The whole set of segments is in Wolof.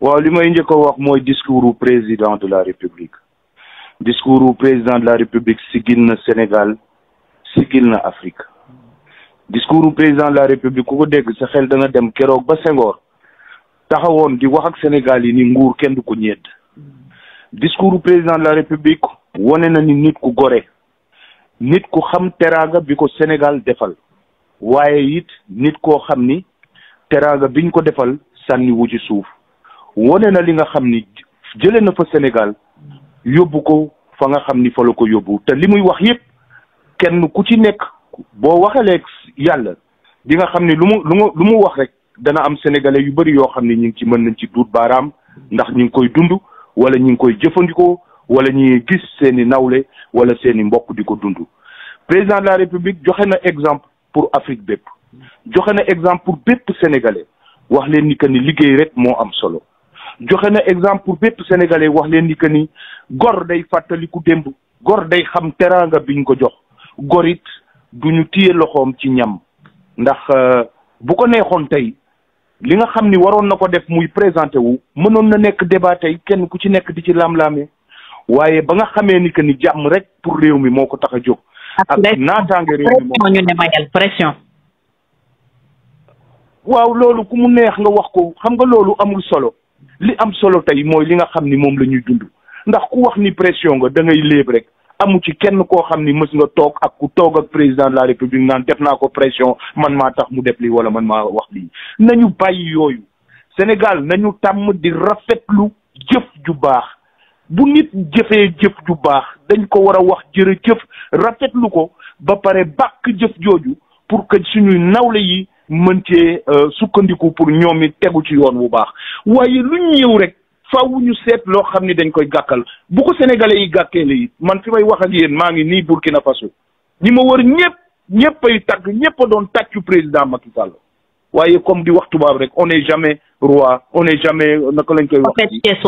waaw li may njëkk a wax mooy discours u président de la république discours u président de la république sigil na Sénégal sigil na Afrique discours u président de la république ku ko dégg sa dana dem keroog ba Senghor taxawoon di wax ak Sénégal yi ni nguur kenn du ko ñéed discours u président de la république wone na ni nit ku gore nit ku xam teraanga bi ko Sénégal defal waaye it nit koo xam ni teraanga biñ ko defal sànni wu ci suuf wone na li nga xam ni jëlee na fa Sénégal yóbbu ko fa nga xam ni fa la ko yóbbu te li muy wax yépp kenn ku ci nekk boo waxalee yàlla di nga xam ni lu mu lu mu lu mu wax rek dana am sénégalais yu bari yoo xam ni ñu ngi ci mën nañ ci duut baaraam ndax ñu ngi koy dund wala ñu ngi koy jëfandikoo wala ñuy gis seeni nawle wala seeni mbokk di ko dund président de la république joxe na exemple pour Afrique bépp joxe na exemple pour bépp sénégalais wax leen ni que ni liggéey rek moo am solo joxe na exemple pour bépp sénégalais wax leen ni que ni gor day fàttaliku démb gor day xam teraanga biñ ko jox gorit du ñu tiye loxoom ci ñam ndax euh, bu ko neexoon tey li nga xam ni waroon na ko def muy présenté wu mënoon na nekk débat tey kenn ku ci nekk di ci lam-laame waaye ba nga xamee ni que ni jàmm rek pour réew mi moo ko tax a jóg ak naataange réew mi moo ñu ne mayal pression waaw loolu ku mu neex nga wax ko xam nga loolu amul solo li am solo tey mooy li nga xam ni moom la ñuy dund ndax ku wax ni pression nga da ngay rek amu ci kenn koo xam ni mës nga toog ak ku toog ak président de la république naan def naa ko pression man maa tax mu def lii wala man maa wax lii nañu bàyyi yooyu Sénégal nañu tàmm di rafet lu jëf ju baax bu nit jëfee jëf ju baax dañ ko war a wax jërëjëf rafetlu ko ba pare bàkk jëf jooju pour que suñuy nawle yi mën cee euh, sukkandiku pour ñoom it tegu ci yoon bu baax waaye lu ñëw rek faaw ñu seet loo xam ni dañ koy gàkkal bu ko sénégalais yi gàkkee la man fi may wax ak yéen maa ngi nii Burkina Faso ñi ma wër ñëpp ñëpp ay tàgg ñëpp a doon tàccu président Macky Sall waaye comme di wax tubaab rek on n'est jamais roi on n'est jamais naka lañ koy wax. prophète chez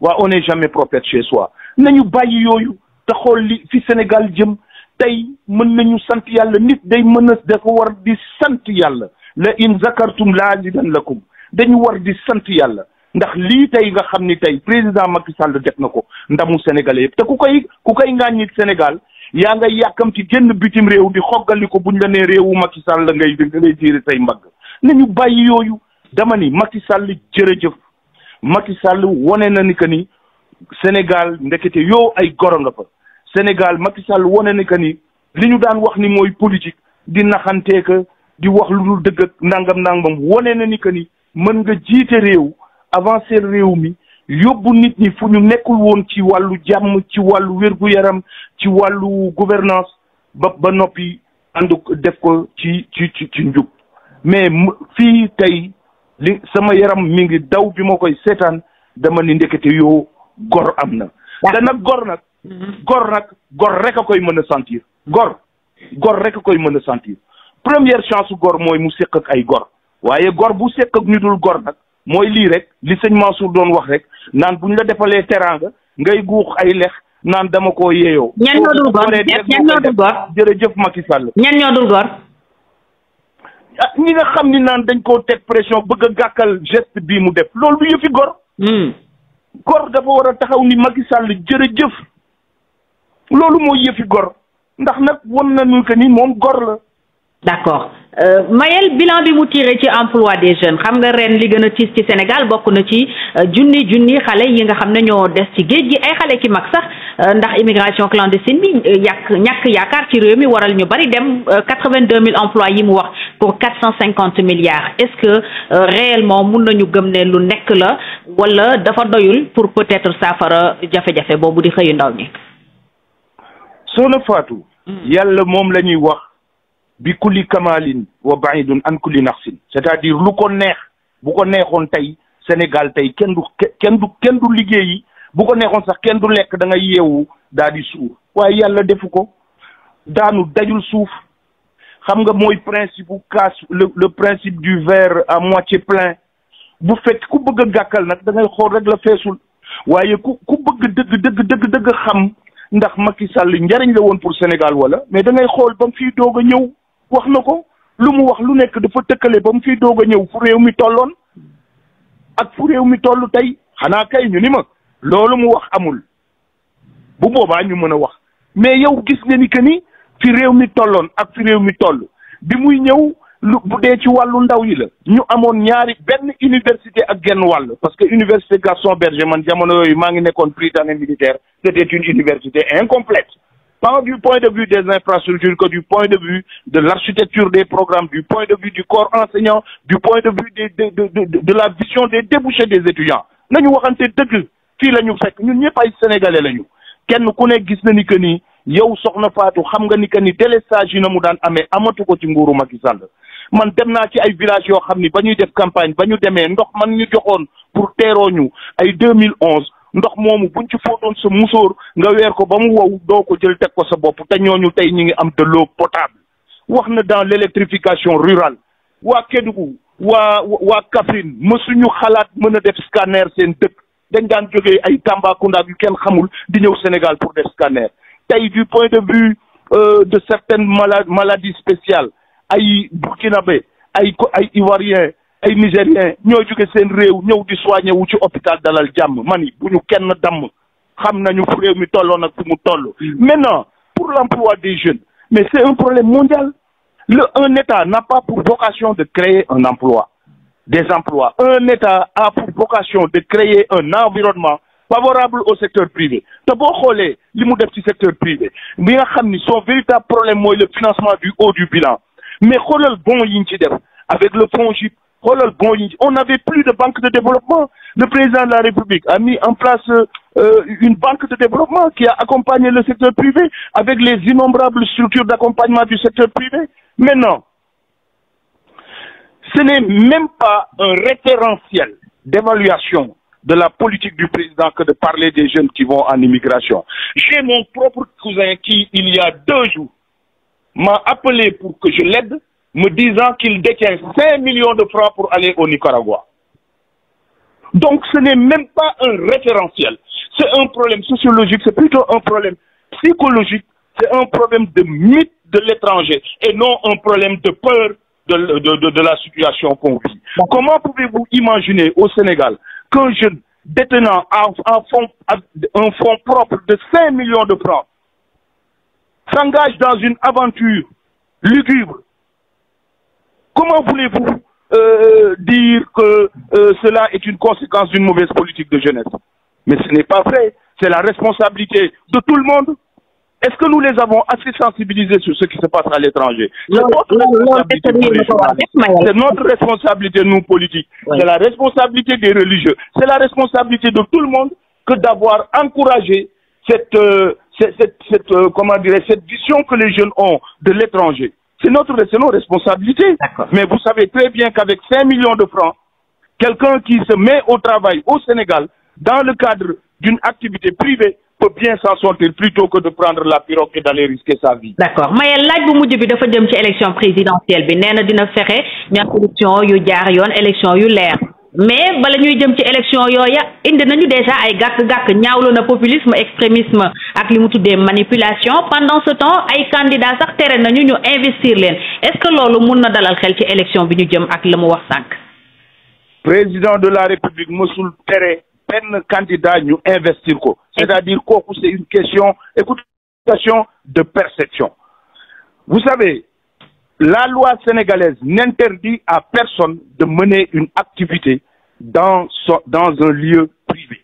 waaw on n'est jamais prophète chez soi nañu bàyyi yooyu te xool li fi Sénégal jëm. tey mën nañu sant yàlla nit day mën a dafa war di sant yàlla la in zakartum la azidan lakum dañu war di sant yàlla ndax lii tey nga xam ni tey président Macky Sall def na ko ndamu sénégalais yëpp te ku koy ku koy ngàññit Sénégal yaa nga yàkkamti ci génn bitim réew di xogali ko bu buñ la nee réewu Macky Sall la ngay ngay tiire say mbagg nañu bàyyi yooyu dama ni Macky Sall jërëjëf Macky Sall wone na ni que ni Sénégal ndekete yow ay goro nga fa Sénégal Macky Sall wane ne que ni li ñu daan wax ni mooy politique di naxantee di wax lu dul dëgg ak ndàngam ndàngam wane na ni que ni mën nga jiite réew avancé réew mi yóbbu nit ñi fu ñu nekkul woon ci wàllu jàmm ci wàllu wér-gu-yaram ci wàllu gouvernance ba ba noppi ànd def ko ci ci ci ci njub mais fii tey li sama yaram mi ngi daw bi ma koy seetaan dama ni ndekete yoo gor am na. te gor nag. gor nag gor rek a koy mën a sentir gor gor rek a koy mën a sentir première chance gor mooy mu séq ak ay gor waaye gor bu séq ak ñu dul gor nag mooy lii rek li sëñ Mansour doon wax rek naan bu ñu la defalee teraanga ngay guux ay lex naan dama ko yeeyoo. ñan ñoo dul gor ñan ñoo dul gor ah ñi nga xam ni naan dañ koo teg pression bëgg a gàkkal geste bii mu def loolu du yëfi gor. Hmm. gor dafa war a taxaw ni Macky Sall jëf lolu mooy yefi gor ndax nak won nañu que ni mom gor la. d'accord euh, Mayel bilan bi mu tiré ci emploi des jeunes xam nga ren li gëna a ci Sénégal bokku na ci euh, junni junni xalé yi nga xam ne ñoo dess ci géej ay xalé ki mag sax euh, ndax immigration clandestine bi euh, yak ñak yakar ci réew mi waral ñu bari dem quatre vingt emplois yi mu wax pour 450 milliards est ce que réellement mun nañu gëm ne lu nekk la wala dafa doyul pour peut être safara jafé jafé bobu di xeyu ndaw ñi. soxna Fatou. Hmm. yàlla moom la ñuy wax bi kulli kamalin wa baidun an kulli naqsin c'est-à-dire lu ko neex bu ko neexoon tey Sénégal tey kenn du kenn du kenn du liggéey bu ko neexoon sax kenn du lekk da nga yeewu daa di suur waaye yàlla defu ko daanu dajul suuf xam nga mooy principe bu kaas le le principe du verre à moitié plein bu fekk ku bëgg a gàkkal nag dangay xool rek la feesul waaye ku ku bëgg dëgg dëgg dëgg xam ndax ki Sall njariñ la woon pour Sénégal wala mais dangay xool ba mu fiy doog a ñëw wax na ko lu mu wax lu nekk dafa tëkkale ba mu fiy doog a ñëw fu réew mi tolloon ak fu réew mi toll tey xanaa kay ñu ni ma loolu mu wax amul bu boobaa ñu mën a wax mais yow gis nga ni que ni fi réew mi tolloon ak fi réew mi toll bi muy ñëw lu ci walu ndaw yi la ñu amone ñaari ben université ak genn walu parce que université garçon Berger man jamono yooyu maa ngi nekkoon Prytanée militaire c'était une université incomplète pas du point de vue des infrastructures que du point de vue de l'architecture des programmes du point de vue du corps enseignant du point de vue des de de de, de la vision des débouchés des étudiants nañu waxante deug fi lañu fekk ñun ñëpp ay sénégalais lañu kenn ku ne gis na ni que ni yow soxna Fatou xam nga ni que ni délestage yi na mu daan amee amatu ko ci nguuru Macky Sall man dem naa ci ay village yo xamni bañuy def campagne bañu démé ndox man ñu joxone pour teeroo ñu ay 2011 ndox moomu buñ ci fotone ce musor nga wër ko ba mu wow do ko jël teg ko sa bop té ñoñu tay ñi ngi am de l'eau potable waxna dans l'électrification rurale wa Kédougou wa wa Kaffrine mësuñu xalaat mëna def scanner seen dëkk dañ daan joggé ay kunda yu kenn xamul di ñëw Sénégal pour def scanner tay du point de vue euh, de certaines maladies spéciales ay burkinabé ay ay ivoirien ay nigérien ñoo juké sen réew ñëw di soigner wu ci hôpital dalal jam, mani bu ñu kenn dam xam nañu fu réew mi tolloon ak fu mu mm. maintenant pour l'emploi des jeunes mais c'est un problème mondial le un état n'a pas pour vocation de créer un emploi des emplois un état a pour vocation de créer un environnement favorable au secteur privé te bon xoolee li le secteur privé Mais nga son véritable problème c'est le financement du haut du bilan mais le bon avec le fonds JIP on n'avait plus de banque de développement le président de la République a mis en place euh, une banque de développement qui a accompagné le secteur privé avec les innombrables structures d'accompagnement du secteur privé maintenant ce n'est même pas un référentiel d'évaluation de la politique du président que de parler des jeunes qui vont en immigration j'ai mon propre cousin qui il y a deux jours m'a appelé pour que je l'aide, me disant qu'il détient 5 millions de francs pour aller au Nicaragua. Donc ce n'est même pas un référentiel. C'est un problème sociologique, c'est plutôt un problème psychologique, c'est un problème de mythe de l'étranger et non un problème de peur de, la situation qu'on vit. Comment pouvez-vous imaginer au Sénégal qu'un jeune détenant un, fonds, un fonds propre de 5 millions de francs s'engage dans une aventure lugubre, comment voulez-vous euh, dire que euh, cela est une conséquence d'une mauvaise politique de jeunesse Mais ce n'est pas vrai. C'est la responsabilité de tout le monde. Est-ce que nous les avons assez sensibilisés sur ce qui se passe à l'étranger C'est notre responsabilité, C'est nous, politiques. C'est la responsabilité des religieux. C'est la responsabilité de tout le monde que d'avoir encouragé cette, euh, euh, comment dirais, cette vision que les jeunes ont de l'étranger. C'est notre responsabilité. Mais vous savez très bien qu'avec 5 millions de francs, quelqu'un qui se met au travail au Sénégal, dans le cadre d'une activité privée, peut bien s'en sortir plutôt que de prendre la pirogue et d'aller risquer sa vie. D'accord bu élection présidentielle dina yu jaar mais bala ñuy jëm ci élection yooya indi déjà ay gak gak ñaawlu na populisme extrémisme ak des manipulations manipulation pendant ce temps ay candidats sax tere nañu ñu investir est-ce que loolu mun na dalal xel ci élection bi ñu jëm ak la wax président de la république mësul Téré, benn candidat ñu investir ko. c'est-à-dire que c'est une question de perception. vous savez. La loi sénégalaise n'interdit à personne de mener une activité dans, dans un lieu privé.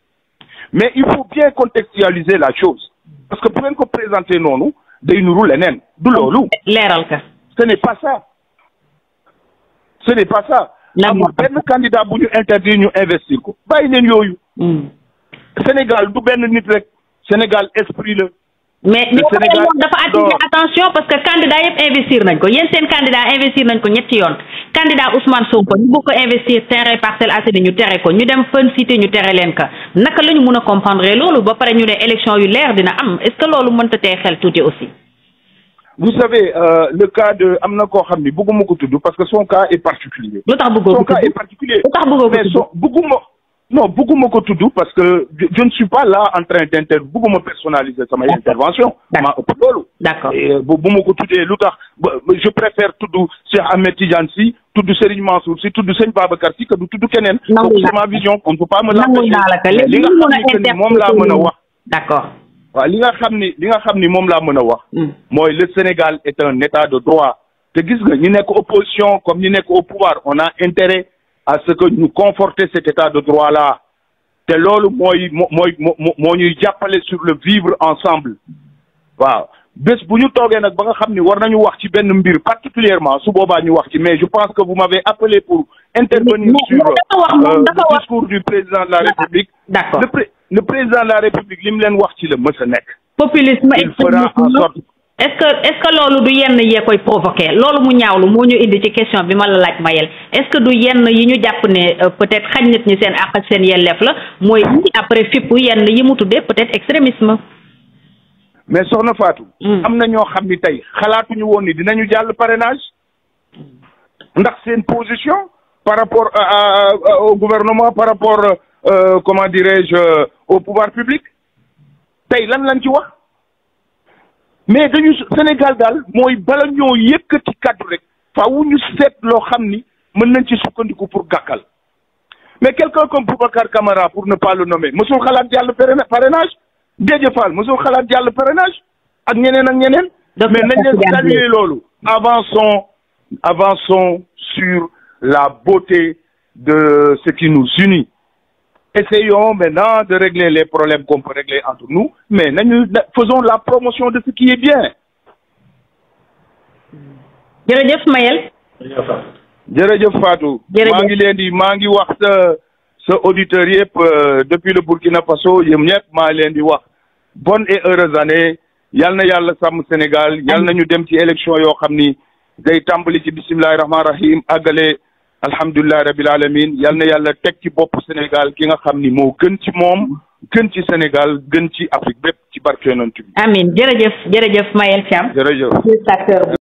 Mais il faut bien contextualiser la chose. Parce que pour qu'on présente nous, nous, nous, nous, D'où Ce n'est pas ça. Ce n'est pas ça. nous, candidat nous nous interdire nous investir Nous nous, nous, nous, Sénégal nous nous, nit Sénégal esprit le mais ñu ko moom dafa attirer attention parce que candidat yëpp investir nañ ko a un candidat investir nañ ko ñetti yoon candidat Ousmane Sonko ñu bëgg ko investir terrain Parcelles assez ñu tere ko ñu dem une Cité ñu tere leen ka naka la ñu mun a comprendre loolu ba pare ñu une élection yu l'air. dina am est-ce que loolu mënta tee xel de aussi vous savez euh, le cas de Amna na Beaucoup xam ni bëgguma parce que son cas est particulier lu tax ko son cas est particulier lu tax non bugguma tout tudd parce que je ne suis pas là en train d'intervenir. Beaucoup bugguma personnaliser ma intervention d'accord Et euh, ma ko tuddee je préfère tudd Cheikh Ahmed Tidiane tout tudd Serigne Mansour Sy tudd Sëñ Babacar Sy que du tudd Kenen. donc c'est ma vision on ne peut pas me la d'accord waaw li nga xam ni nga hmm. le Sénégal est un état de droit te gis nga ñu nekk opposition comme ñu nekk au pouvoir on a intérêt à ce que nous conforter cet état de droit là c'est moi que nous avons ñuy parlé sur le vivre ensemble waaw si nous avons toogee ba nga xam war nañu particulièrement mais je pense que vous m'avez appelé pour intervenir sur euh, le discours du président de la République le président de la République l'Imlène leen wax il fera en sorte est ce que est ce que lolu du yenn yé koy provoquer lolu mu ñaawlu mo ñu indi ci question bi ma la laaj Mayel est ce que du yenn yi ñu jàpp euh, peut être xagn nit ñi seen ak seen yelleef la moy hmm. indi après fip yenn yi mu tuddee peut être extrémisme. mais soxna Fatou. Hmm. amna ño xamni tay xalaatu ñu xalaatuñu ni dinañu jall parrainage ndax seen position par rapport euh, au gouvernement par rapport euh, comment dirais-je au pouvoir public tay lan lan ci wax mais dañu Sénégal daal mooy bala ñoo yëkkati kaddu rek faaw ñu seet loo xam ni mën nañ ci sukkandiku pour gàkkal mais quelqu'un comme Boubacar Camara pour ne pas le nommer mësul xalaat jàll parrainage Dédé Fall mësul xalaat jàll parrainage ak ñeneen ak ñeneen mais nañ leen saluer loolu avançons avançons sur la beauté de ce qui nous unit Essayons maintenant de régler les problèmes qu'on peut régler entre nous, mais nous faisons la promotion de ce qui est bien. jërëjëf Mayel. jërëjëf Fatou. Mangi Lendi, Mangi di maa ngi wax sa sa euh, depuis le Burkina Faso yëm Mangi maa wax bonne et heureuse année yal na yàlla sàmm Sénégal yal ñu dem ci élection yo xamni. ni tambali ci bisimilah rahmaani rahim Agale. alhamdulilah rabil alamin yal na yàlla teg ci bopp Sénégal ki nga xam ni moo gën ci moom gën ci Sénégal gën ci Afrique bépp ci barke yonent bi. amiin jërëjëf jërëjëf Mayel Thiam. jërëjëf.